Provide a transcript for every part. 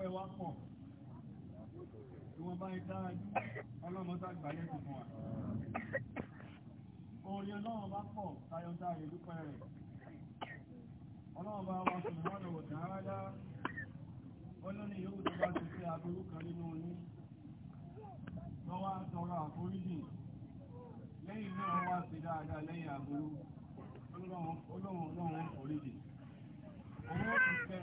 ọpẹ́ wa pọ̀ tí wọ́n bá ń dáájú ọlọ́mọdá gbàlẹ́ ti fún wa orí ọlọ́run bá pọ̀ tayọta ìdúpẹ́ rẹ̀ ọlọ́run bá wa sùn wọ́n dáadá ọlọ́ni yóò tó bá ti fẹ́ aburú kan nínú ní lọ́wọ́ tọrọ àforíjì lẹ́yìn náà wá sí dáadáa lẹ́yìn aburú ọlọ́run ọlọ́run oríjì òun ti fẹ́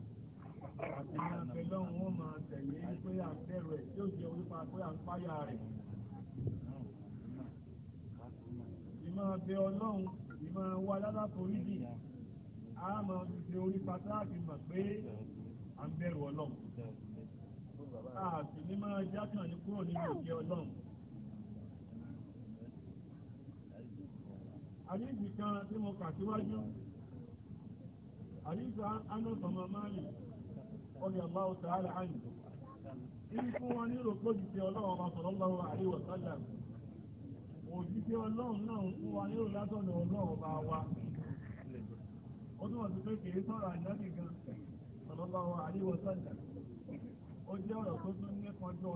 Ìmọ̀ bẹ Ọlọ́run, ìmọ̀ wa lálá foríjì, a mọ̀ ṣe orí pàtàkì mọ̀ pé a ń bẹ̀rù Ọlọ́run. Ààbì ní máa jákàn ní kúrò nínú òkè Ọlọ́run. Àdíjì kan tí mo kà síwájú, àdíjì Anọ́sọ̀mọ̀ Máàlì, ọdí aláwọ̀ tààlà àyìn Iri fún wọn nírò pọ́jù tí ọlọ́run ọmọ sọ̀rọ̀lọ́wọ́ àríwọ̀ sọ́jà òjíṣẹ́ ọlọ́run náà ń fún ọlọ́run bá wa ó túnmọ̀ sí pé kìí sọ̀rọ̀ àjẹ́bì gan sọ̀rọ̀lọ́wọ́ àríwọ̀ sọ́jà ó jẹ́ ọ̀rọ̀ tó tún ní kọjú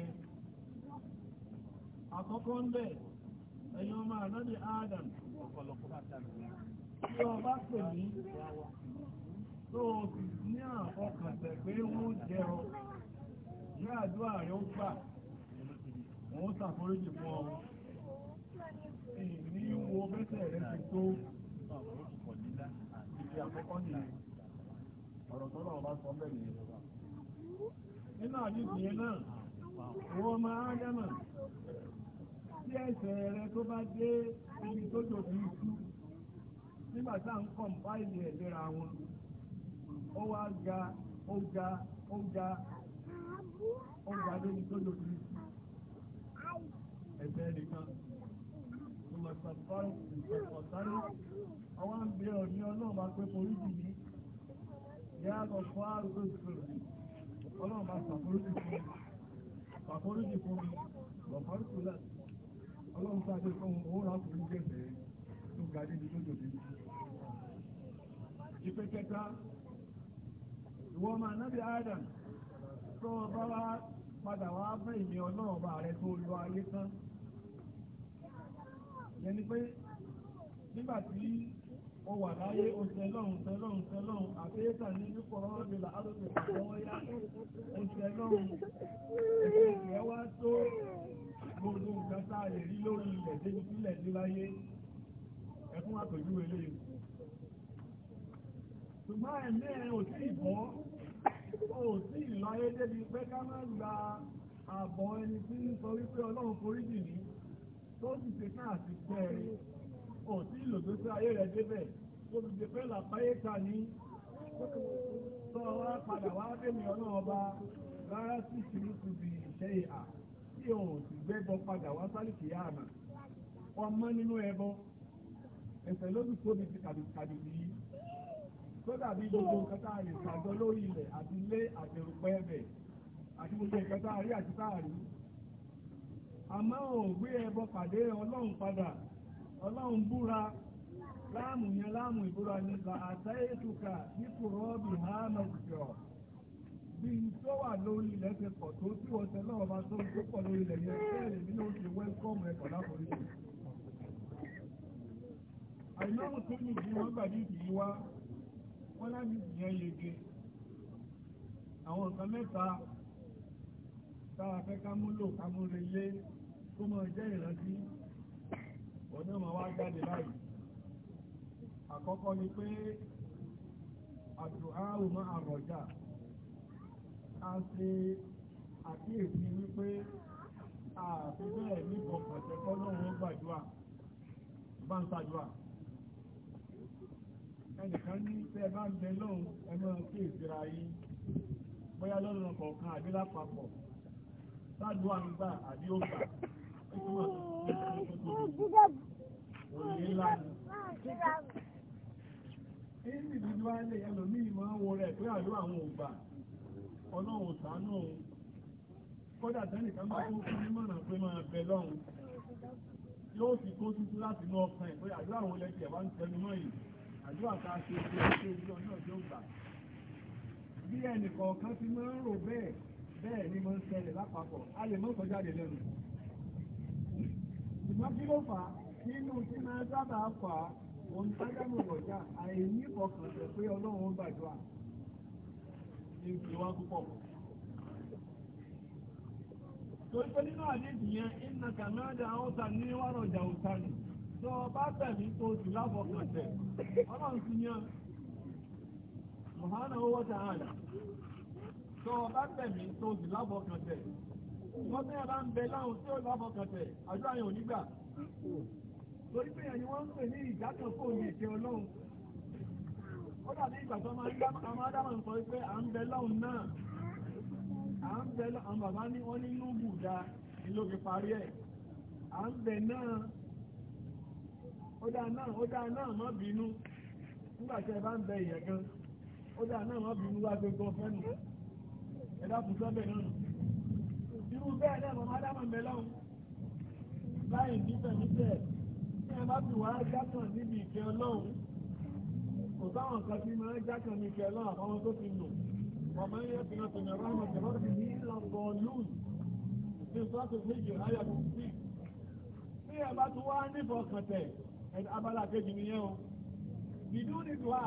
ń àkọ́kọ́ ń bẹ̀ ẹ̀yọ́ ọmọ ànábì Adam tí ọba pè ní tó o sì ní àkọkànṣẹ̀ pé wọ́n jẹ ọ ní àdúrà rẹ̀ ó gbà fún ọ ní wo rẹ̀ ti tó àkọ́kọ́ ọ̀rọ̀ sọ bẹ́ẹ̀ nínú àdúgbò yẹn náà wọ́n máa ń tí ẹsẹ̀ rẹ tó bá dé ibi tó dòbí ikú nígbà tá à ń kọ̀m̀páìlì wọn ó wá ga ó ga ó ga ó ga débi tó dòbí ikú ẹ̀sẹ̀ nìkan ìmọ̀sọ̀kọ̀sáré ọwọ́ ń bẹ ọ̀ní ọlọ́ọ̀bá pé forí jì lọ jì ọlọ́run sáájú fún òun rákùnrin gbẹ̀sẹ̀ tó ga níbi tó jòdì ìpé kẹta ìwọ́n máa nábi adam tó bá wá padà wá fẹ́ ìmì ọlọ́ọ̀bà rẹ tó lọ ayé tán yẹni pé nígbàtí ó wà láyé òṣèlọ́hùn tẹ́lọ́hùn tẹ́lọ́hùn àti ètà ní nípọ̀ rọ́rọ́bìlà arúgbó àwọn ọ̀yá òṣèlọ́hùn débi sílẹ̀ sí láyé ẹkún àpèjú eléyìí ṣùgbọ́n ẹ̀mí ẹ̀ ò sí ìbọ́ ò sí ìlọ́yé débi pé ká má gba àbọ̀ ẹni tí ń sọ wípé ọlọ́run foríjì ní tó sì ṣe náà sí pẹ́ ò sí ayé rẹ̀ débẹ̀ tó fi ṣe pé làpáyé ta ní tó wá padà wá bẹ́mi ọlọ́run ọba rárá sí ṣìlú ti bì ìhà tí òun sì gbẹ́bọ padà wá sálìkì yá àmà mọ nínú ẹbọ ẹ̀sẹ̀ lóbi tóbi ti kàdìkàdì yìí tó dàbí gbogbo nǹkan tá a lè gbàgbọ́ lórí ilẹ̀ àti ilé àtẹrùpẹ́ ẹbẹ̀ àti gbogbo nǹkan tá a rí àti tá a rí àmọ́ òun gbé ẹbọ pàdé ọlọ́run padà ọlọ́run búra láàmù yẹn láàmù ìbúra ní la ní kùrọ́ọ̀bì bí tó wà lórí ilẹ̀ ti pọ̀ tó tí àìmọ́mù tó ní ìdí wọ́n gbà ní ìdí wá wọ́n láti ìyẹn yege àwọn nǹkan mẹ́ta tára fẹ́ kámúlò kámúrelé tó mọ̀ jẹ́ ìrántí ọ̀nà ma wá jáde láì àkọ́kọ́ ni pé àdùá òmà àrọ̀jà a ṣe àkíyèsí wípé ààfin bẹ́ẹ̀ ní kọ̀ọ̀kọ̀ tẹ́kọ́ náà wọ́n gbàdúrà bá ń ṣàdúrà ẹnìkan ní pé ẹ bá ń bẹ lóhun ẹ máa ìsira yín bóyá lọ́nà kọ̀ọ̀kan àbí lápapọ̀ sáàdù àǹgbà àbí ògbà òní ńlá ni. Ìsì dídú Yóò sì kó títí láti inú ọkàn ẹ̀ pé àlú àwọn ẹlẹ́jẹ̀ wá ń tẹnu mọ́ yìí àdúrà tá a ṣe ṣe ṣe ojú ọjọ́ ọjọ́ gbà bí ẹnì kọ̀ọ̀kan ti máa ń rò bẹ́ẹ̀ bẹ́ẹ̀ ni mo ń ṣẹlẹ̀ lápapọ̀ a lè mọ́ kọjáde lẹ́nu ṣùgbọ́n kí ló fà á nínú tí máa sábà fà á òun tájámù wọ̀já àìní ìfọkànṣẹ̀ pé ọlọ́run gbàdúrà ní ìwà púpọ̀ torí pé nínú àdéhùn yẹn ìnàkà náà dá ọ̀tà ní wàrọ̀jà ọ̀tà nìí tó bá tẹ̀mí tó jù lábọ̀kànṣẹ̀ ọlọ́run ti yan mọ̀hánà owó tààlà tó bá tẹ̀mí tó jù lábọ̀kànṣẹ̀ wọ́n tẹ́ bá ń bẹ láhùn tí ó lábọ̀kànṣẹ̀ àjọ àyàn onígbà torí pé ẹni wọ́n ń pè ní ìdájọ́ fún òní ìṣe ọlọ́run ó dàbí ìgbà tó máa ń dá àwọn adámọ̀ ń sọ pé à ń bẹ láhùn náà à ń bẹ àwọn bàbá ní wọ́n ní núbù dá ìlókè parí ẹ̀ à ń bẹ náà ọdá náà ọdá náà má bínú nígbàtí ẹ bá ń bẹ ìyẹ̀ gan ọdá náà má bínú wá gbogbo fẹ́nu ẹ̀dá kù sọ́bẹ̀ náà irú bẹ́ẹ̀ náà mọ̀ ádámà mẹ́lọ́hun láì nífẹ̀ nífẹ̀ tí ẹ bá fi wá jákàn níbi ìkẹ́ ọlọ́run kò sáwọn kan tí máa jákàn ní ìkẹ́ ọlọ́run àbáwọn tó ti lò ọmọ yẹn fi hàn tòun ẹ̀rọ àwọn ọ̀tẹ̀rọ̀ ti ní lọ́gbọ̀n lùn ní sọ́tò méjì ayọ̀ tó sí. tí ẹ bá tún wá nífọ̀ọ́kàntẹ̀ abala kejì nìyẹn o ìdú nìdùá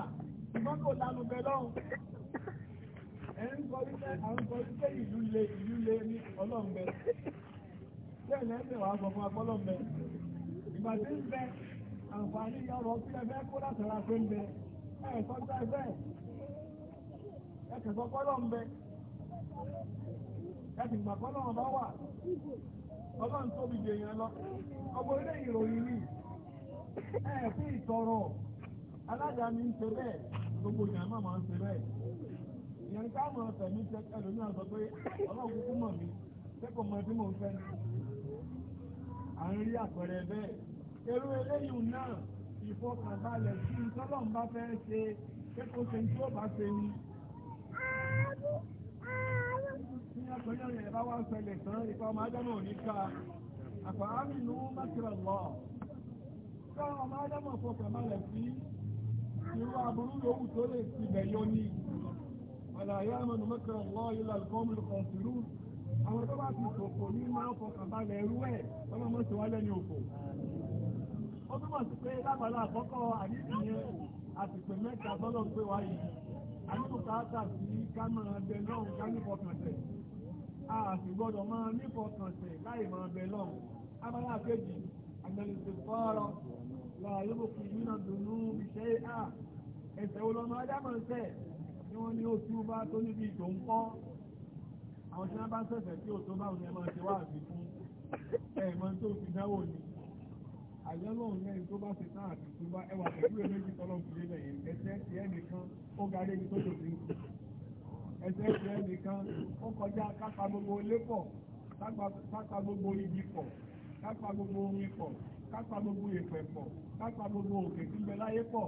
ṣùgbọ́n kò lánú bẹ lọ́hùn ẹ̀ ń kọ wípé à ń kọ wípé ìlú le ìlú le ní ọlọ́m̀bẹ bẹ́ẹ̀ lẹ́sẹ̀ wàá sọ fún akọ́lọ́m̀bẹ ìgbà tí ń bẹ àǹfààní yọrọ tí ẹ fẹ́ kó látara pé ń bẹ ẹ̀ sọ́jà ẹgbẹ́ ẹ̀ kẹ̀sọ́ kọ́lọ́m̀bẹ ẹ̀sìn gbàgbọ́ náà bá wà ọlọ́run tóbi jèèyàn lọ ọgbọ́n ilé ìròyìn yìí ẹ̀ sí ìtọrọ mi ń ṣe bẹ́ẹ̀ gbogbo èèyàn ma máa ń ṣe bẹ́ẹ̀ ìyẹn ká mọ̀ ọ̀sẹ̀ mi ṣe ẹlòmí àgbà pé ọlọ́run kúkú mọ̀ mí sẹ́kọ̀ mọ tí mò ń fẹ́ à ń rí àpẹẹrẹ bẹ́ẹ̀ eré eléyìí náà ìfọkànbalẹ̀ sí tọ́lọ́run bá fẹ́ ṣe sẹ́kọ̀ ṣe tí ó bá ṣe ni yẹn bá wá ṣẹlẹ̀ tán káwọn ọmọ ádámọ̀ fọkàn balẹ̀ sí irú aburú yòówù tó lè ti bẹ̀yọ ní àlàyé àmọ́nù mẹ́kà lọ́ ilẹ̀ alkọ́mùlù kọ̀ǹtìrú àwọn tó bá ti sòkò ní máa fọkàn balẹ̀ irú ẹ̀ tọ́lá mọ́ sí wá lẹ́ni òkò ó túmọ̀ sí pé lábàlá àkọ́kọ́ àníbìyẹn àtìpé mẹ́ta tọ́lọ́ pé wá yìí àníbùkà àtà sí kámẹ́rà bẹ lọ́hùn ká nífọkànṣẹ̀ a sì gbọ́dọ̀ máa nífọkànṣẹ̀ láì máa bẹ lọ́hùn abala kejì àgbẹ̀lẹ̀sẹ̀ fọ́ọ̀rọ̀ láàyè òkú nínà dùnú iṣẹ́ à ẹ̀sẹ̀ olọ́mọ adámọ̀ọ́sẹ̀ tí wọ́n ní oṣù bá tó níbi ìtò ń kọ́ àwọn tí wọ́n bá sẹ̀sẹ̀ tí ò tó bá òun ẹmọ ti wá àbí fún ẹ̀mọ́ tó fi dáwò ni àyẹ́lọ́run lẹ́yìn tó bá ti tán kápá gbogbo ìpẹ̀ pọ̀ kápá gbogbo òkè tí gbẹ láyé pọ̀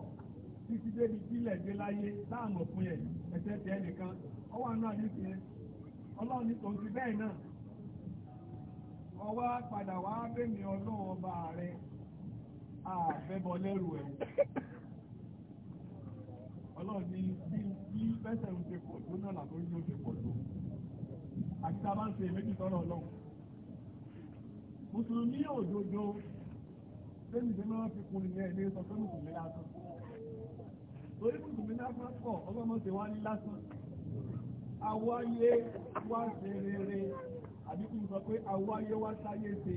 títí débi tílẹ̀ gbé láyé láàmọ̀ fún ẹ̀ ẹ̀sẹ̀ tẹ̀ nìkan ọwọ́ náà ní tiẹ̀ ọlọ́run ní tòun ti bẹ́ẹ̀ náà ọwọ́ padà wá bẹ́mi ọlọ́run ọba rẹ̀ àfẹ́bọ lẹ́rù ẹ̀ ọlọ́run ní bí bẹ́sẹ̀ ń ṣe pọ̀ tó náà làbórí ló ṣe pọ̀ tó àti tá a bá ń ṣe méjì tọ́lọ̀ ọlọ́run mùsùlùmí òdodo lẹ́yìn tí wọ́n fi kun ìyẹn ní sọ pé mùsùlùmí lásán torí mùsùlùmí lásán pọ̀ ọlọ́mọ ti wá ní lásán awáyé wá ṣe rere àbí sọ pé awáyé wá sáyé ṣe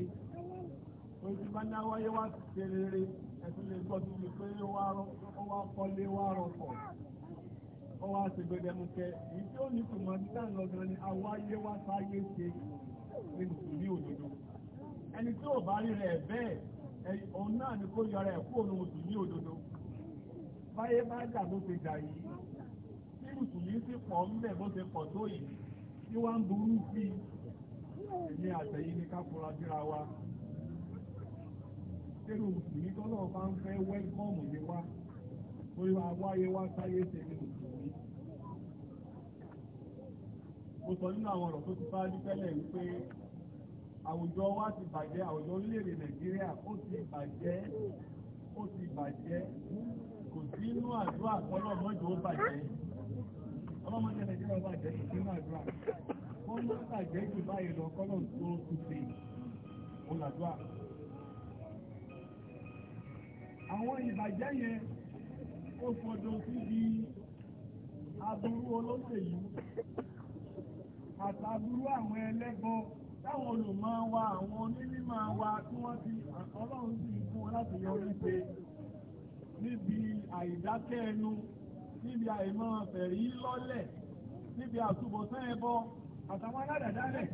oye ti bá ní awáyé wá ṣe rere ẹ̀sùn lè gbọ́ sí pé ó wá kọ́lé wá rọpọ̀ ó wá ṣe gbẹdẹmukẹ èyí tí ó ní tùmọ̀ títà lọ ni awáyé wá sáyé ṣe ní mùsùlùmí òdodo ẹni tí ò bá rí rẹ̀ bẹ́ẹ̀ òun náà ni kó yọra ẹ̀ kú òun òdù ní òdodo báyé bá dà bó ṣe dà yìí tí mùsùlùmí sì pọ̀ ń bẹ̀ bó ṣe pọ̀ tó yìí tí wọ́n ń burú sí ní àtẹ̀yìn ní káfúra síra wa tẹ́lú mùsùlùmí tọ́lọ̀ bá ń fẹ́ wẹ́lkọ́mù ní wá orí wa wáyé wá sáyé ṣe ní mùsùlùmí mo sọ nínú àwọn ọ̀rọ̀ tó ti bá rí tẹ́lẹ̀ wípé àwùjọ wa ti bàjẹ́ àwùjọ orílẹ̀-èdè nàìjíríà ó ti bàjẹ́ ó ti bàjẹ́ kò sí inú àdúrà kọ́lọ́ mọ́jọ́ ó bàjẹ́ ọlọ́mọdé nàìjíríà bàjẹ́ kò sí inú àdúrà kọ́lọ́ bàjẹ́ jù báyìí lọ kọ́lọ́ tó kù sí olàdúrà àwọn ìbàjẹ́ yẹn ó fọdọ̀ sí di aburú olóṣèlú àtàbúrú àwọn ẹlẹ́gbọ́n táwọn olùmọ̀ wa àwọn onímọ̀ wa tí wọ́n ti ọlọ́run sì fún wọn láti yọ oríṣẹ́ níbi àìdákẹ́ ẹnu níbi àìmọ̀ fẹ̀rí lọ́lẹ̀ níbi àtúbọ̀tán ẹbọ àtàwọn aládàdálẹ̀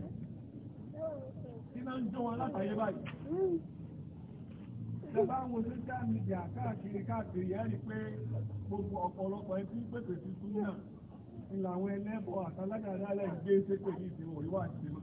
tí náà ń jó wọn látàyé báyìí ìjọba àwọn social media káàkiri káàkiri ẹ́ rí pé gbogbo ọ̀pọ̀lọpọ̀ ẹbí pèpè tuntun náà ìlàwọn ẹlẹ́bọ̀ àtàlágàdálẹ̀ gbé ṣépè ní ìdíwọ̀ ìwà ìsinmi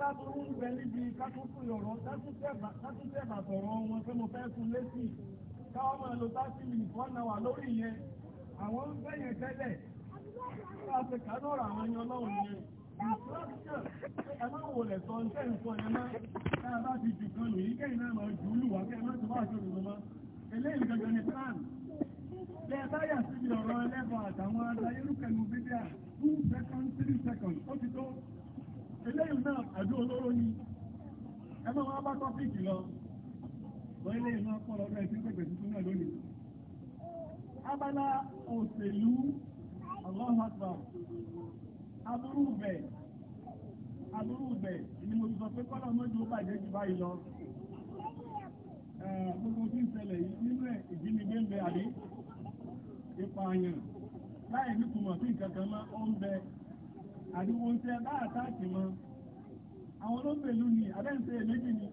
tó ń bẹ níbi kákúkú yọ̀rọ̀ kákúkẹ́bà sọ̀rọ̀ wọn pé mo fẹ́ fún létí káwọn máa lo táàtì mi nìkan náà wà lórí yẹn àwọn ń fẹ́ yẹn tẹ́lẹ̀ ká ṣe kánú ọ̀rọ̀ àwọn ẹni ọlọ́run yẹn ẹ máa wò lẹ̀ sọ ṣẹ́ nǹkan ẹ má kan kẹ́yìn náà máa jù ú lù wá ti wá eléyìí gangan eléyìn náà àdó olóró ni ẹgbẹ́ wọn bá tọ́pìkì lọ wọ́n eléyìn náà pọ̀ lọ́dọ̀ ẹ̀sìn pẹ̀pẹ̀ tuntun náà lónìí abala òṣèlú ọlọ́hàgbà aburú bẹ̀ aburú bẹ̀ ni mo sọ pé kọ́lọ̀ mọ́jú ó bàjẹ́ jù báyìí lọ gbogbo tí ń ṣẹlẹ̀ yìí nínú ẹ̀ ìjínigbé ń bẹ àbí ìpààyàn láì sí nǹkan kan mọ́ bẹ àríwò iṣẹ́ bá àtàkì wọn àwọn olóògbèlú ni àbẹ́ǹsẹ̀ méjì ni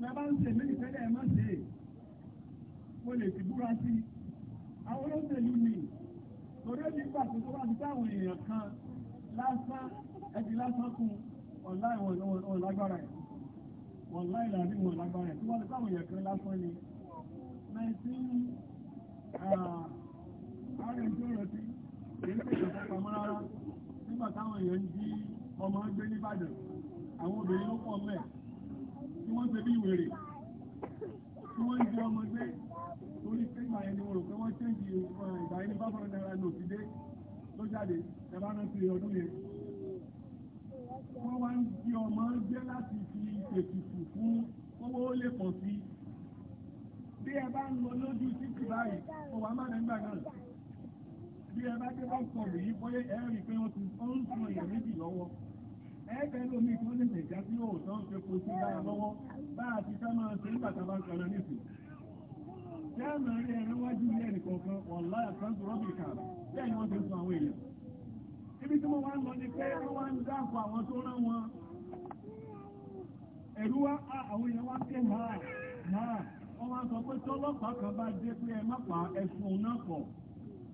mẹ́bá ń ṣe méjì tẹ́lẹ̀ ẹ̀mọ́ sí è mo lè ti búra sí àwọn olóògbèlú ni torí ó ní pàtó tó bá ti táwọn èèyàn kan lásán ẹbí lásán kún ọ̀lá ìwọ̀n lágbára ẹ̀ wọ̀n láì láàrí ìwọ̀n lágbára ẹ̀ tí wọ́n ti táwọn èèyàn kan lásán ni 19 ààrẹ tó rẹ̀ sí èyí tó ìjọba pamọ́ rárá nígbà táwọn èèyàn ń jí ọmọ gbé nìbàdàn àwọn obìnrin ló pọ̀ mẹ́ tí wọ́n ṣe bí wèrè tí wọ́n ń jí ọmọ gbé torí pé ìgbà ẹni wọ́n rò pé wọ́n ṣéǹjì ìgbà ẹni bá bọ̀rọ̀ náírà ní òfìdé ló jáde ẹ̀bá náà ti ọdún yẹn wọ́n wá ń jí ọmọ gbé láti fi ètùtù fún owó ó lè pọ̀ sí bí ẹ bá ń lọ lójú títì báyìí ó wà má nígbà náà bí ẹ bá dé bá sọ rè yí bóyá ẹ rí pé wọ́n ti ń sọ èèyàn méjì lọ́wọ́ ẹgbẹ́ lómi tí wọ́n lè lè já sí òòtọ́ ń fẹ́ sí báyà lọ́wọ́ bá a ti fẹ́ máa ṣe nígbà tá a bá ń tí a máa rí ẹran wájú ilé ẹnì kọ̀ọ̀kan ọ̀la àtúntò rọ́bì kà bẹ́ẹ̀ ni wọ́n ti ń sọ àwọn èèyàn ibi tí wọ́n wá ń lọ ni pé wọ́n wá ń dáàbò àwọn tó rán wọn ẹ̀rú wá àwọn èèyàn wá ń ké máa máa wọ́n wá sọ pé tọ́lọ́pàá kan bá dé pé ẹ má pa ẹ̀sùn náà pọ̀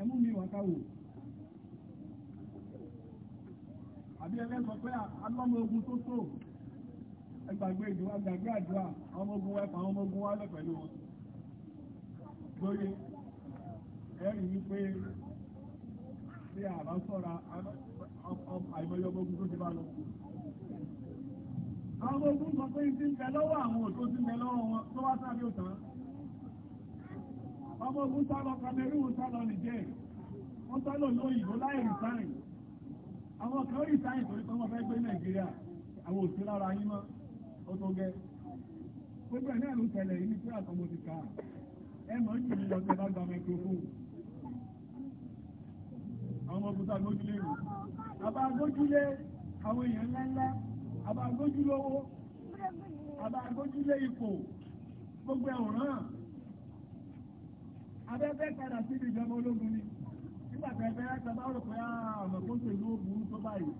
ẹmú mi wà káwò àbí ẹgbẹ́ sọ pé alọ́mọ ogun tó tó ẹgbàgbé ìdúwà gbàgbé àdúrà ọmọ ogun wẹ́pà ọmọ ogun wá lọ pẹ̀lú wọn lórí ẹ̀rí wípé tí a bá sọ́ra àìmọye ọmọ ogun tó ti bá lọ àwọn ogun sọ pé ti ń bẹ lọ́wọ́ àwọn òtó ti ń bẹ lọ́wọ́ wọn tó wá sáré òtàn ọmọ ogun sálọ Cameroon sálọ Niger wọ́n sálọ lóyìnbó láì rìsáìn àwọn kan rìsáìn torí pé wọ́n fẹ́ gbé Nàìjíríà àwọn òsì lára yín mọ́ ó tó gẹ́ gbogbo ẹ̀ náà ló tẹ̀lẹ̀ yìí ní pé àtọmọ ti kà ẹ mọ̀ jù ní ọjọ́ bá gba microphone àwọn ọmọ ogun sálọ lójúlé rò àbá agójúlé àwọn èèyàn ńláńlá àbá agójúlówó àbá agójúlé ipò gbogbo ẹ̀wọ̀n náà abẹ́fẹ́ padà síbi ìjọba ológun ni nígbàtẹ̀fẹ́ ẹgbẹ́ rò pé àmọ̀ ah, tó ṣe ló burú tó báyìí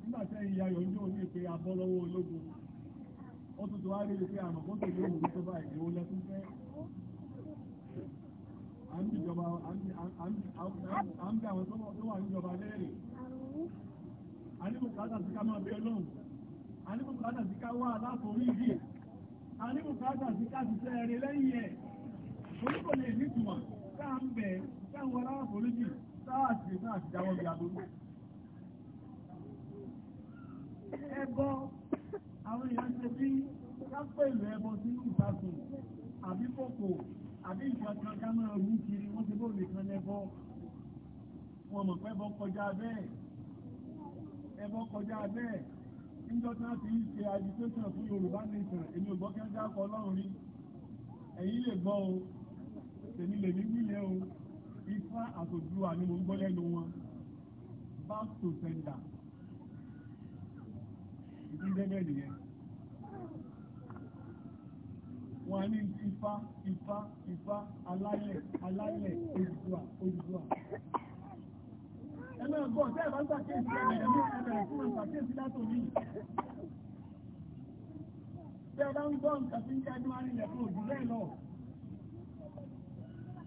nígbàtẹ̀ ìyàyọ̀ ní orí pé abọ́ ológun ó tuntun wá rí pé àmọ̀ tó ṣe ló burú tó báyìí ó lẹ́kún fẹ́ àmìjọba àmì àwọn tó wà níjọba lẹ́rìn sí ká máa sí ká wá aláforí yìí torí kò lè ní ìtumọ̀ táà ń bẹ̀ táà ń wọ láwọn foríjì táà sì náà ti jáwọ́ bí aburú ẹbọ àwọn èèyàn ṣe bí kápẹ́ ìlú ẹbọ sí ìtàkùn àbí kòkò àbí ìkankan ká máa rú kiri wọ́n ti bóòlù kan lẹ́bọ wọn mọ̀ pé ẹbọ kọjá bẹ́ẹ̀ ẹbọ kọjá bẹ́ẹ̀ níjọ́ tí wọ́n ti ń ṣe agitation fún Yorùbá nation èmi ò gbọ́ kí tèmi lè ní wílẹ̀ o ifá àtòdúwà ni mo ń gbọ́ lẹ́nu wọn back to sender ìdíjẹ́jẹ́ nìyẹn wọ́n ní ifá ifá ifá aláyẹ̀ aláyẹ̀ Odùduwà Odùduwà ẹgbẹ́ ọgbọ́n tẹ́ ẹ̀bá ń sàkéèsì ẹgbẹ̀rẹ̀ mú ẹgbẹ̀rẹ̀ fún ìsàkéèsì látò ní tẹ́ ẹ̀bá ń gbọ́ nǹkan tí ń jẹ́ ẹgbẹ́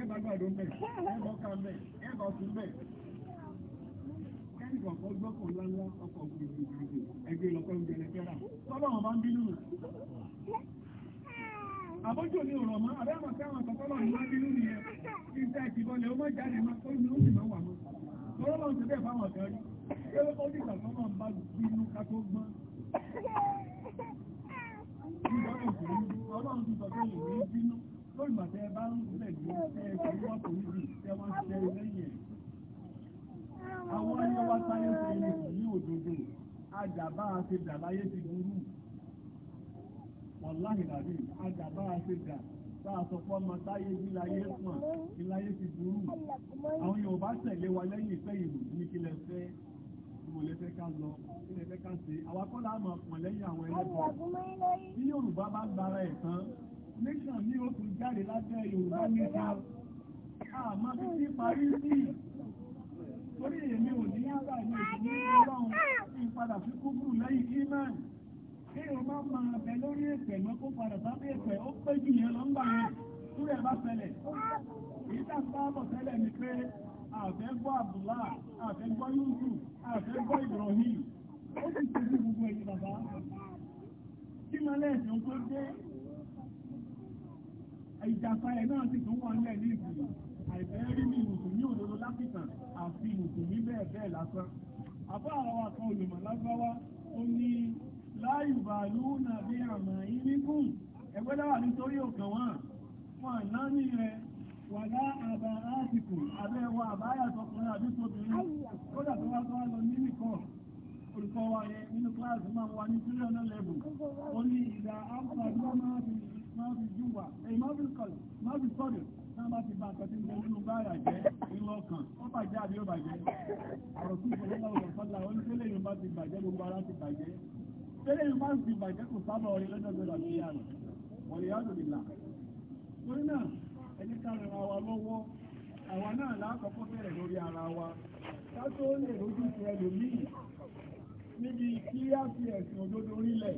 ẹgbà gbàdó mẹ́ ẹgbà ọkà mẹ́ ẹgbà ọkùn mẹ́ kẹ́nìkan kọ́ gbọ́kàn lánlá ọkọ̀ gbogbo ẹgbẹ́ lọ́kọ́ ń jẹrẹ fẹ́ra tọ́lọ́ wọn bá ń bínú àbójò ní ọ̀rọ̀ mọ́ abẹ́mọ̀ sí àwọn àkọ́kọ́lọ́ ìwá bínú nìyẹn kí n tẹ́ ìbọlẹ̀ ó mọ́ jáde má tó ní ó sì máa wà mọ́ tọ́lọ́ ti bẹ́ẹ̀ fáwọn ọ̀gá rí pé ó ní ìgbàsọ́nà bá bínú ká tó gbọ́n Ọlọ́run lórí màtẹ́ bá ń lẹ̀ ní ẹgbẹ́ ìwọ́n tó níbi tẹ́wọ́n ti tẹ́ lẹ́yìn ẹ̀ àwọn ẹni wá sáyé ṣe ní ìlú òdodo àjàbá ṣe dà láyé ti burú wọ̀láhì ràbí àjàbá a sọ fọ́ ọmọ táyé bí láyé pọ̀n kí láyé ti burú àwọn Yorùbá tẹ̀lé wa lẹ́yìn ìfẹ́ ìlú ní kí lẹ fẹ́ mo lè fẹ́ ká lọ kí lẹ fẹ́ ká ṣe àwọn akọ́lá àmọ̀ pọ̀ lẹ́yìn àwọn ẹlẹ́bọ̀ bí Yorùbá bá gbára ẹ̀ tán nation ní ó tún jáde lábẹ́ Yorùbá nígbà àmọ́ títí parí sí torí èmi ò ní yára ìlú ìlú Ọlọ́run tí ń padà sí kúkúrú lẹ́yìn iman kí o má máa bẹ lórí ẹ̀pẹ̀ mọ́ kó padà sábẹ́ ẹ̀pẹ̀ ó pé jù yẹn lọ ń gbà yẹn lórí ẹ̀ bá fẹlẹ̀ èyí tá ń bá bọ̀ tẹ́lẹ̀ ni pé àfẹ́gbọ́ Abdullah àfẹ́gbọ́ Yusuf àfẹ́gbọ́ Ibrahim ó sì ṣe sí gbogbo ẹ̀yìn bàbá kí mọ́lẹ̀ ẹ̀sìn tó dé ìjàpá ẹ̀ náà sì tún wà ń lẹ̀ ní ìgbìmọ̀ àìfẹ́ rí ní mùsùlùmí òdodo lápìtàn àfi mùsùlùmí bẹ́ẹ̀ bẹ́ẹ̀ lásán àbá àwọn àkan olùmọ̀ lágbáwá ó ní láàyù bàálù náà bí àmà ìrìnkùn ẹgbẹ́ dáwà nítorí òkàn wọn fún àná ní rẹ wà lá àbá áàtìkù abẹ́wọ àbáyà tọkùnrin àbí tóbìnrin kódà tó wá tó wá lọ ní nìkọ́ olùkọ́ wa yẹn nínú kíláàsì máa wà ní tírílíọ̀nù lẹ́bù ó ní ìdá áàpù máa fi máa fi júwà èyí máa fi kọlù máa fi sọ́dù náà bá ti bá nǹkan tí ń bẹ nínú báyà jẹ́ inú ọkàn ó bàjẹ́ àbí ó bàjẹ́ ọ̀rọ̀ tí ìfọwọ́ náà wọ̀ sọ́dà ó ní tẹ́lẹ̀ yóò bá ti bàjẹ́ gbogbo ara ti bàjẹ́ tẹ́lẹ̀ yóò bá ti bàjẹ́ kò sábà ọ̀rẹ́ lọ́jọ́ gbọdọ̀ àti ìyá rẹ̀ ọ̀rẹ́ yá lòdì là torí náà ẹni ká rẹ̀ wa lọ́wọ́ àwa náà lákọ̀ọ́kọ́ bẹ̀rẹ̀ lórí ara wa ká tó lè lójú ti ẹlòmíì níbi kí á fi ẹ̀sìn òdodo rílẹ̀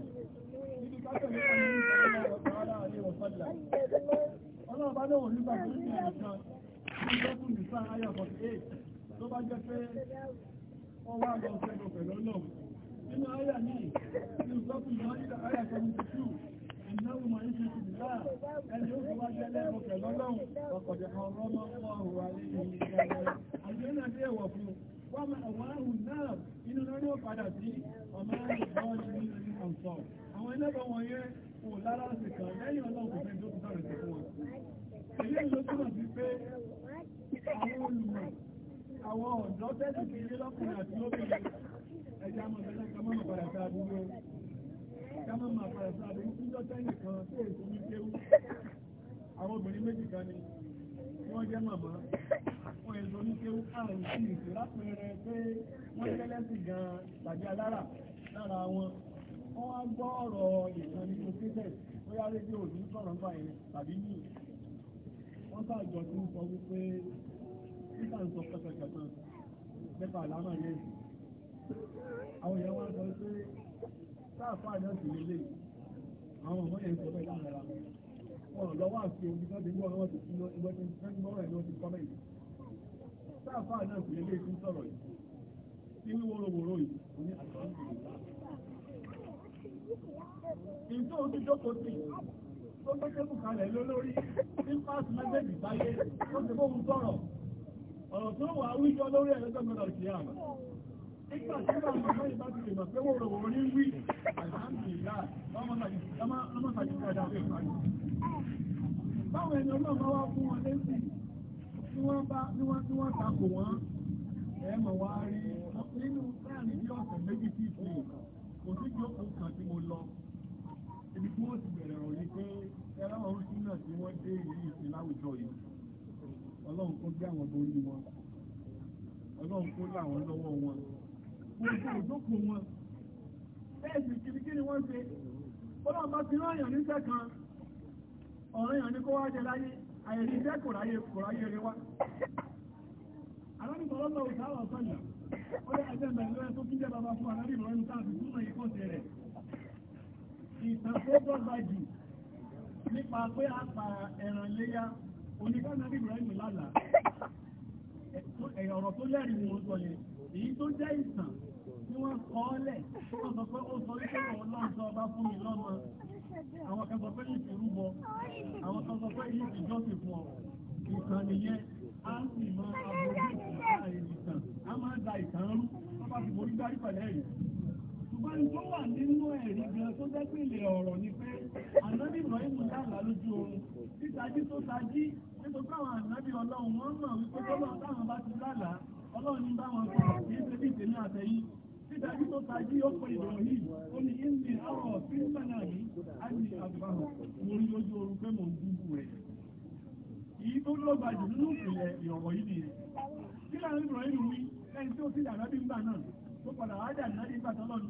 tó bá jẹ́ pé ọwá lọ sẹ́gbọ̀ pẹ̀lú ọlọ́run nínú ayà ní ìlúsọ́kù náà ayà 72 ẹni ó fi wá jẹ́ lẹ́gbọ̀ pẹ̀lú ọlọ́run lọ́tẹ́sì fi ilé lọ́kùnrin àti lóbìnrin ẹja mọ̀ tẹ́lẹ̀ kọmọ́ mọ̀ padà sáà dúró kọmọ́ mọ̀ padà sáà dúró tí lọ́tẹ́ nìkan tó èso ní kéwú àwọn obìnrin méjì kan ni wọ́n jẹ́ màmá wọ́n èso ní kéwú àrùn sí ìsì lápẹẹrẹ pé wọ́n tẹ́lẹ̀sì gan tàbí alára lára wọn wọ́n wá gbọ́ ọ̀rọ̀ ìkan ní tó kéfẹ̀ ó yá rédíò ní sọ̀rọ̀ ń bá nípa àlámà yẹn àwọn èèyàn wọ́n sọ pé sáàfà náà sì lè lè àwọn ọmọ yẹn sọ pé láàrá wọn lọ́wọ́ àti omi tó ti wọ́n ti fi wọ́n ti fẹ́ gbọ́rọ̀ ẹ̀ ló ti kọ́mẹ̀ yìí sáàfà náà sì lè lè fún sọ̀rọ̀ yìí tí wíwó rowòrò yìí kò ní àtàkùn ìjọ ojú jókòó sí tó gbé tẹ́kù kalẹ̀ lólórí ní pàṣẹ mẹ́tẹ́ẹ̀dì báyé ó ti bóhun sọ̀rọ̀ ọ̀rọ̀ tó wà wíjọ lórí ẹ̀lẹ́gbẹ̀rẹ̀ ìṣẹ́ àmà nígbà tí wọ́n mọ̀ bá ti lè mọ̀ pé wọ́n rọ̀ wọ́n ní wí àìsàmìlá ọmọ sàjìkàdà fẹ́ ìpàdé báwọn ẹni ọlọ́mọ wá fún wọn lẹ́sìn tí wọ́n bá ní wọ́n takò wọ́n ẹ̀mọ̀ wá rí nínú láàrin bí ọ̀sẹ̀ méjì tí ìpín kò sí tí ó kún kan tí mo lọ ibi tí wọ́n ti bẹ̀rẹ̀ rọ̀ yìí pé ẹ̀rọ ọ̀rún sínú tí wọ́n dé ìlú ìsìn láwùjọ yìí ọlọ́run kó gbé àwọn borí wọn ọlọ́run kó láwọn lọ́wọ́ wọn wọ́n ṣe ìjókòó wọn bẹ́ẹ̀ sì kiri kí ni wọ́n ṣe ọlọ́run bá ti ráyàn níṣẹ́ kan ọ̀rẹ́yàn ní kó wá jẹ láyé àyẹ̀rí iṣẹ́ kò ráyè rẹ wá alábìsọ̀ ọlọ́run ò sáwọ̀ sọ́yà ó yẹ ẹgbẹ́ mẹ́rin lọ́yẹ tó kíjẹ́ bàbá fún alábìsọ̀ ọlọ́run táàbì túnmọ̀ yìí kọ́ọ̀tẹ̀ rẹ̀ ìtàn tó dọ́gba jù nípa pé a pa ẹran léyá oníkánàbí Ibrahim lálà ọ̀rọ̀ tó lẹ́rìn wọn sọ yẹn èyí tó jẹ́ ìsàn tí wọ́n kọ́ lẹ̀ wọ́n sọ pé ó sọ wípé ọlọ́run sọ ọba fún mi lọ́mọ àwọn kan sọ pé yìí ti rúbọ àwọn kan sọ pé yìí ti jọ́sìn fún ọ ìtàn nìyẹn a sì máa abojú láàrin ìtàn a máa da ìtàn rú wọ́n bá fi borí gbárí pẹ̀lẹ́ yìí ṣùgbọ́n tó wà nínú ẹ̀rí àtẹ̀yí títàbí tó tají ó pè ìdọ̀rọ̀ yìí ó ní ìndì àwọ̀ fílmẹ̀nà yìí á ní àgbàrọ̀ mo rí lójú oorun pé mo ń rẹ̀ èyí tó lọ́gbà nínú ìpìlẹ̀ ìrọ̀rọ̀ yìí nìyẹn kí láàrin ìrọ̀rọ̀ yìí wí ẹni tí ó sì dàgbà bí ńgbà náà tó padà wájà náà nígbà tọ́lọ́nù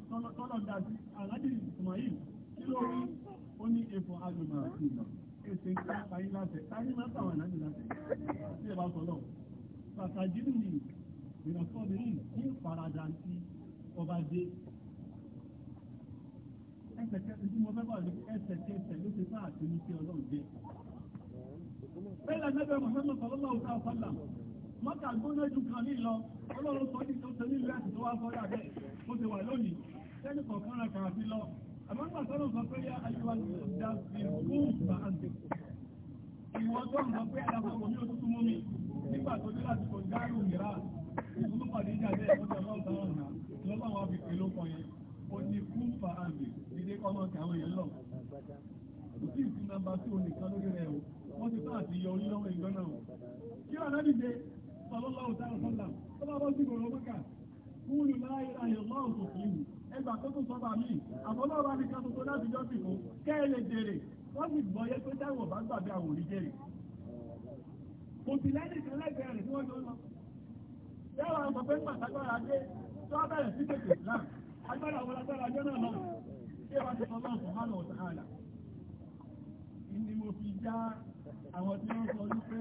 ẹsẹ̀kẹsẹ̀ tí mo fẹ́ bá rí ẹsẹ̀kẹsẹ̀ ló fi bá àti ní sí ọlọ́run jẹ́. Bẹ́ẹ̀lẹ̀ nẹ́bẹ̀ Mọ̀sánà sọ̀rọ̀lá òkà ọ̀fọ́là, mọ́ta gbóná ju kan ní lọ, ọlọ́run sọ ní tó tẹ́lú ilé àti tó wá fọ́dà bẹ́ẹ̀, ó ti wà lónìí, tẹ́lú kọ̀ọ̀kan ra kàrà sí lọ. Àmọ́ nígbà sọ́rọ̀ sọ pé yá ayúwa dá sí fún ìgbà àǹtẹ̀. Ìwọ́n tó ń sọ pé àdàpọ̀ mi ò tuntun mú mi, nígbà tó dé láti kọ̀ dárò mìíràn náà dìde sallallahu ta'ala sallam tó bá bọ́ sí ìgbòrò ọgbọ́kà kúlù láyé ayọ̀ lọ́wọ́ tó fi wù ẹgbà tó tún sọ́bà mí àbọ́lọ́ bá ní ká tuntun láti jọ́ sí fún kẹ́ẹ̀lẹ̀ jèrè wọ́n sì gbọ́ yẹ pé táwọn bá gbàgbé àwọn òní jèrè kò náà lọ sí ẹwà tó sọ́lọ́ subhanahu wa ta'ala ni mo fi já àwọn tí wọ́n sọ wípé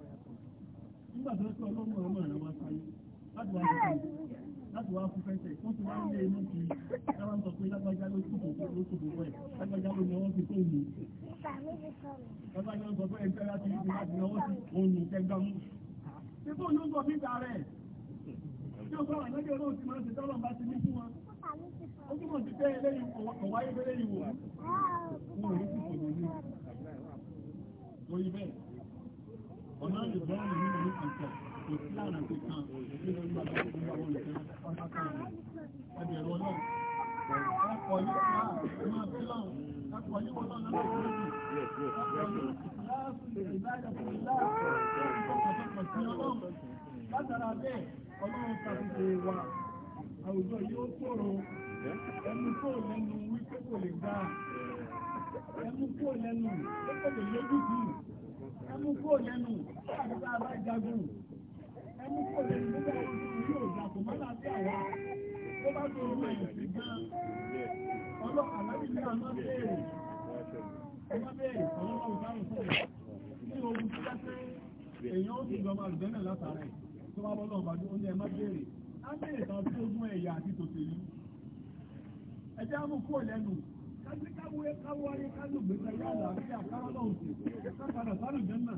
nígbà tó ń sọ ọlọ́mọ ọmọ rẹ̀ wá sáyé láti wá fún láti wá fún fẹ́sẹ̀ wọ́n ti wá ń lé inú ti sábà ń sọ pé lágbájá ló tún kòkó ló tún kòkó ẹ̀ lágbájá ló ní ọwọ́ ti tó mú. lágbájá ló sọ pé ẹgbẹ́ láti ní láti ní ọwọ́ ti òun ní kẹgbà mú. ṣé fóònù ń sọ bí ìta rẹ̀ tí ó fọwọ́ ìlẹ́jọ́ náà ti máa ń ṣe tọ́lọ̀ bá ti ní fún wọn. ó túmọ̀ sí pé eléyìí kọ̀wáyé eléyìí wò. ọ̀nà yorùbá ọ̀nà nínú ní kìtà kò Èyàn ó sì gbọmọ àrùgbẹ́nà látàrí tó bá bọ́lọ̀ ọ̀bàdún ó ní ẹ má bèèrè. Á bèèrè kan tí ó gún ẹ̀yà àti tòṣèlú. Ẹjẹ́ á mú kúrò lẹ́nu kájíkáwé káwọ́ ayé kájò gbèsè yá àlàáfíà kárọ́lọ́ òsì kápadà sálùjẹ́ náà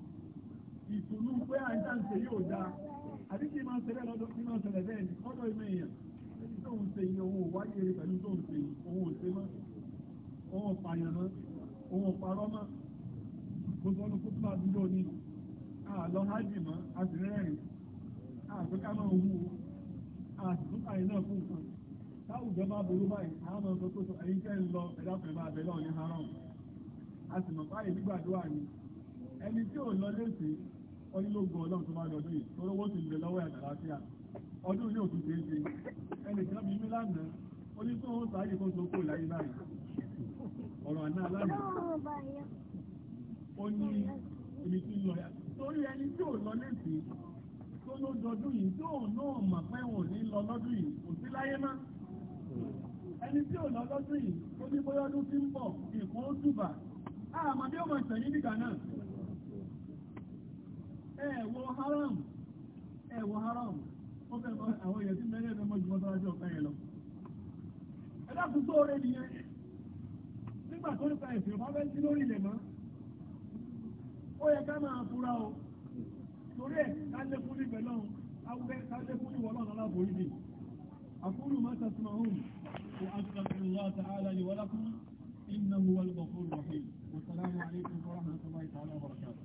ìtùnú pé àìsànṣe yóò dáa àti kí máa ṣẹlẹ̀ lọ́dọ̀ kí máa bẹ́ẹ̀ ni ọdọ̀ ìmọ̀ èèyàn ẹni tó ń ṣe iye owó wáyé rẹ̀ pẹ̀lú tó ń ṣe owó ṣe mọ́ ohun pààyàn ohun parọ́ mọ́ gbogbo ọdún kúkú máa dúró ní àlọ́ hajj mọ́ àtìrẹ́rìn àgbéká máa wú àtúntà iná fún nǹkan táwùjọ bá burú báyìí àwọn ọmọ tó sọ ẹ̀yìn tẹ́ ń lọ ẹ̀dá pẹ̀lú wọ́n nílò ogun ọlọ́run tó bá lọ lóyè tó lówó ti lè lọ́wọ́ àtàlàáfíà ọdún ilé òtún ṣe é ṣe ẹnì kan bí mílànà ó ní tóun sáàyè tó tó kó láyé báyìí ọ̀rọ̀ àná aláìní ó ní ibi tí ń lọ yá torí ẹni tí ò lọ lẹ́sìn tó ló dọdún yìí tó ò náà mà pé wọn ò ní lọ lọ́dún yìí kò sí láyé má ẹni tí ò lọ lọ́dún yìí tó ní bóyá ọdún tí ń bọ̀ ìkó ó dùbà àmọ́ bí ó nígbà náà ẹ̀wọ̀ haram ẹ̀wọ̀ haram ó fẹ́ àwọn èèyàn tí mẹ́rin ẹ̀fẹ́ mọ́jú mọ́tọ́ lájọ́ ọ̀fẹ́ yẹn lọ ẹ̀dá kú tó rẹ̀ nìyẹn nígbà tó nípa ẹ̀sìn ọba fẹ́ sí lórí ilẹ̀ mọ́ ó yẹ ká máa fura o torí ẹ̀ ká lé fún ibẹ̀ lọ́hùn awúgbẹ́ ká lé fún ìwọ lọ́nà aláborí bì àkúrú má tẹ̀sùmọ̀ hùn kò àtúntàkùnrin ta'ala li wa lakum innahu huwal ghafurur rahim wassalamu alaikum warahmatullahi ta'ala wabarakatuh